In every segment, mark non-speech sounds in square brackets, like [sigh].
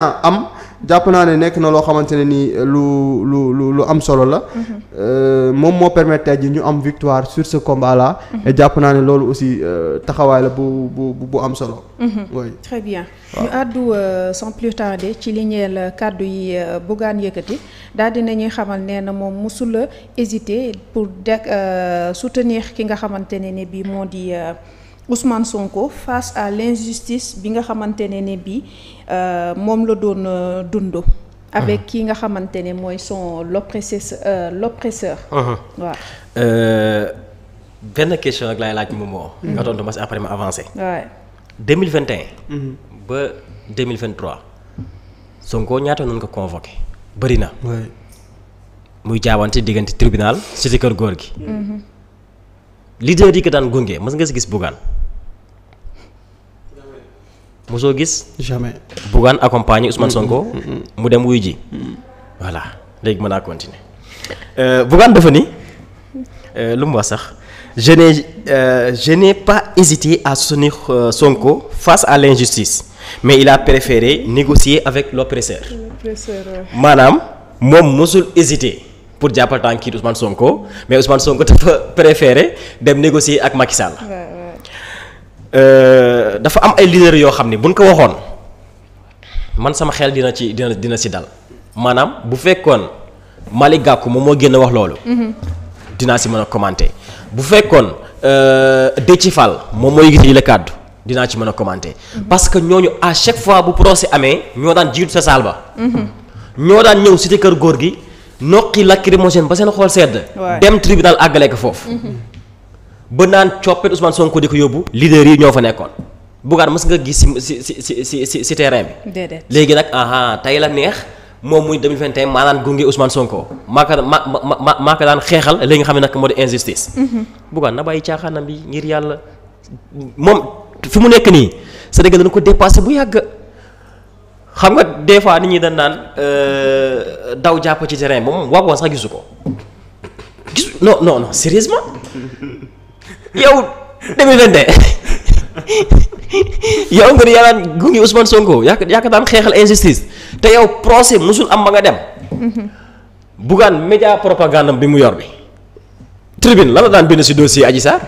am jàpp naa ne nekk na loo xamante ne nii lu lu lu lu am solo la. Mm-hmm. Euh, moom moo permettre tey ji ñu am victoire sur ce combat là. Mm-hmm. jàpp naa ne loolu aussi euh, taxawaay la bu bu am solo. Mm-hmm. très bien. ñu àddu euh, sans plus ci li ñeel kàddu yi Bougane yëkkati daal di nañuy xamal nee na moom mosula hésiter pour de soutenir ki nga xamante ne ni bii moo di. Ousmane Sonko face à l'injustice bi nga xamante ne ne bi euh, moom la doon euh, dund avec ki nga xamante ne mooy son l'oppresseur euh, l'oppresseur benn question rek laay laaj moomoo nga tontu ma si après ma avancé waaw ba 2023 Sonko ñaata nañ ko convoqué bëri na muy jaabante diggante tribunal cité kër góor gi leader yi ko daan gunge mës nga si gis Bougane mosoo gis. jamais Bougane accompagner Ousmane Sonko. mu dem wuy ji. voilà léegi mën naa continuer. Euh, Bougane dafa ni euh, lu mu wax sax je n'ai euh, je n'ai pas hésité à soutenir euh, Sonko face à l'injustice mais il a préféré négocier avec l'oppresseur. l'oppresseur maanaam moom mosul hésité pour jàppal tànk kii Sonko mais Ousmane Sonko dafa préféré dem négocier ak Macky Sall. dafa am ay leader yoo xam ni buñ ko waxoon man sama xel dina ci dina dina si dal maanaam bu fekkoon Malick Gakou moom moo génn wax loolu. dinaa si mën a commenter bu fekkoon euh, Déthié Fall moom mooy yëkkati la kàddu dinaa ci mën a commenter. parce que ñooñu à chaque fois bu procès amee ñoo daan jiitu sa saal ba. ñoo daan ñëw si kër góor gi noqi lacrymogène ba seen xool sedd. dem tribunal àggale ko foofu. Mm-hmm. ba naan coppet Ousmane Sonko di ko yóbbu. leader yi ñoo fa nekkoon. Bougane mës nga gis si si si si terrain bi. déedéet léegi nag ah tey la neex moom muy 2021 maa daan gunge Ousmane Sonko maa ko ma ma maa ko daan xeexal li nga xam ne nag moo di injustice. Mhm. Bougane na ba bàyyi caaxaanam bi ngir yàlla moom fi mu nekk nii Sénégal dañu ko dépassé bu yàgg. xam nga des fois nit ñi dañ naan euh, daw jàpp ci terrain moom waaw sax gisu ko gisu non non non sérieusement [laughs] yow [laughs] yow nga di yaa daan gunge Ousmane Sonko yaa yaa daan xeexal injustice te yow procès musul am ba nga dem. Bougane média propagande bi mu yor bi. tribune lan la daan bind si dossier Adji Sarr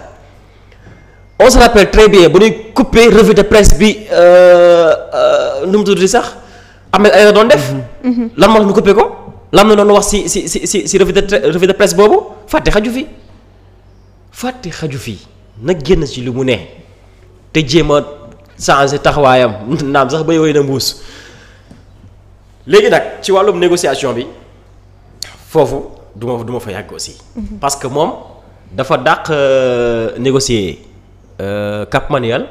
on rappelle très bien bu ñuy coupé revue de presse bi euh, euh, nu mu tudd sax Ahmed doon def. lan moo tax coupé ko lan la doon wax ci ci ci ci ci revue de revue de presse boobu fàtte xaju fi fàtte xaju fi nag génn ci li mu ne te jéem changé taxawaayam naam sax bay woy na mbuus léegi nag ci wàllum négociation bi foofu du ma du ma fa yàgg aussi. Mhm. parce que moom dafa dàq euh, négocier euh, Cap Manuel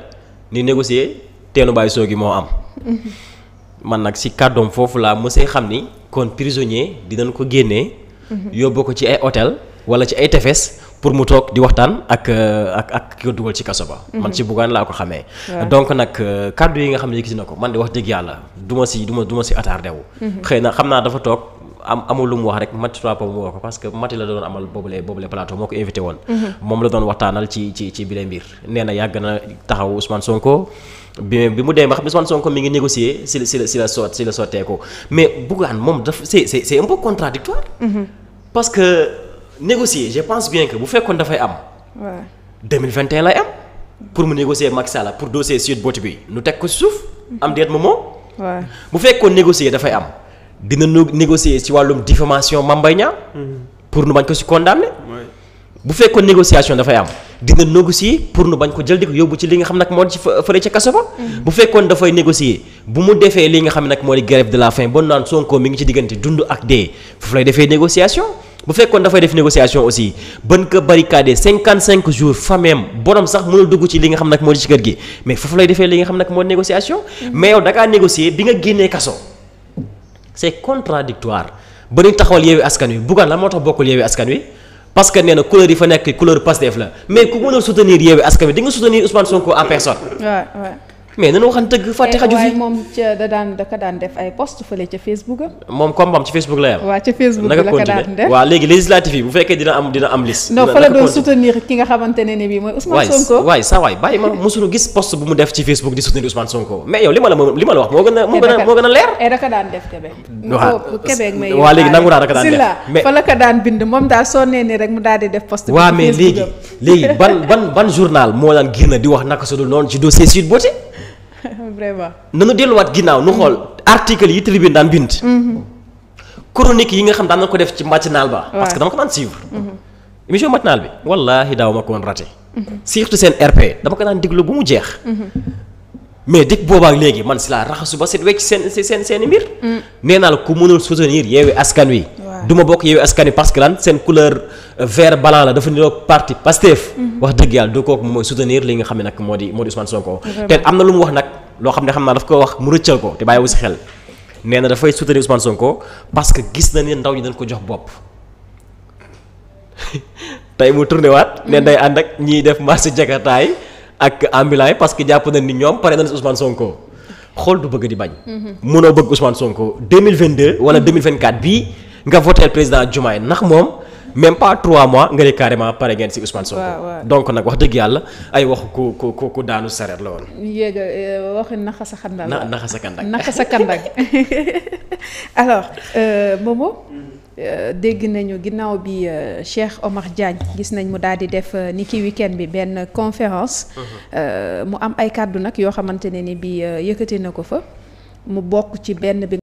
ni négocier teenu bàyyi soogi moo am. Mhm. man nag si kàddoom foofu laa mësee xam ni kon prisonnier dinañ ko génnee. Mhm. yóbbu ko ci ay hôtel wala ci ay tefes. pour mu toog di waxtaan ak euh, ak ko dugal ci kaso ba. Mhm. man ci Bougane laa ko xamee. donc nag euh, kàddu yi nga xam ne gis na ko man di wax dëgg yàlla du ma si du ma du ma si attardé wu. Mhm. xam naa dafa toog am amul lu mu wax rek Mati Touré mu wax que Mati la doon amal boobule boobule plateau moo ko invité woon. Mhm. moom la doon waxtaanal ci ci ci bile mbir nee na yàgg na taxaw Ousmane Sonko. bi mu demee ma xam ne Ousmane Sonko mi ngi négocier si la si la si la soot si mais Bougane moom daf c'est c'est un contradictoire parce négocier je pense bien que bu fekkoon dafay am. waaw 2021 lay am. pour mu négocier Macky Sall pour dossier Sweet Beauté bi nu teg ko suuf. am déet moom. waaw bu fekkoon négocier dafay am dina négocier ci wàllum diffamation Mame Mbaye Niang mm-hmm. pour nu bañ ko ci condamner. bu fekkoon négociation dafay am dina négocier pour nu bañ ko jël di ko yóbbu ci li nga xam nag moo di ci fële ca kaso ba. Mm-hmm. bu fekkoon dafay négocier bu mu defee li nga xam nag moo di grève de la fin ba naan Sonko mi ngi ci diggante dund ak dee foofu lay defee négociation. bu fekkoon dafay def négociation aussi bën ko barricadé cinquante cinq jours fameem borom sax mënul dugg ci li nga xam nag moo di ci kër gi mais foofu lay defee li nga xam nag moo négociation mais yow da ngaa bi nga génnee kaso c'est contradictoire ba ñu taxawal yeewi askan wi buggaan la moo tax bokkul yeewi askan wi parce nee na couleur yi fa nekk couleur Pastef la mais ku mën soutenir yeewi askan wi di nga soutenir Ousmane Sonko mais nañu waxan dëgg fàtte eh, xaju fi moom ca da daan def ay post fële ca Facebook am. moom combat ci Facebook la yam waaw ca léegi législative yi bu fekkee dina am dina am liste. non fa la doon soutenir ki nga xamante ne ni bii mooy Ousmane Sonko waay post bu mu def ci Facebook di soutenir Ousmane Sonko a eh, a a leer. Eh, da ka daan def Québec. waaw léegi nangu daan def daan bind moom daal soo nee rek mu daal di def post bi waaw mais léegi léegi ban ban ban journal moo daan génn di wax naka sudul noonu ci dossier Sweet Beauté [laughs] vraiment na nu delluwaat ginnaaw nu xool article yi tribune daan bind. Mhm. chronique yi nga xam daan na ko def ci matinal ba. parce que dama ko daan suivre. Mhm. émission matinal bi wallaahi daaw ma ko woon raté. Mhm. surtout seen RP dama ko daan déglu bu mu jeex. mais dikk boobaak léegi man si laa raxasu ba set wecc seen seen seen i mm. nee naa ku mënul soutenir yeewi askan wi. du ma bokk Yewwi Askan Wi lan seen couleur euh, vert blanc la dafa niroog parti Pastef mhm. wax dëgg yàlla du kooku mooy soutenir li nga xam ne nag moo di moo di Ousmane Sonko te am na lu mu wax nag loo xam ne xam naa daf ko wax mu rëccal ko te bàyyiwu si xel nee na dafay soutenir Ousmane Sonko parce que gis na ne ndaw ñi dañ ko jox bopp [laughs] tey mu tourné waat mhm. day ànd ak ñiy def marché jakartaay ak ambulant parce que jàpp nañ ni ñoom pare na si Sonko xool du bëgg di bañ. Mhm. mënoo nga voté président Diomaye ndax moom même pas 3 mois nga ne carrément pare ngeen ci Ousmane Sonko. donc nag wax dëgg yàlla ay wax ku ku ku daanu sareet la woon. yéen a euh, waxi naxa sa xandang. na naxa sa xandang naxa sa xandang [laughs] alors euh, euh, dégg nañu ginnaaw bi Cheikh Omar Diagne gis nañ mu daal di def ni kii weekend bi benn conférence. Mhm. mu am ay kàddu nag yoo xamante ne ni bi yëkkati na ko fa. mu bokk ci benn bi.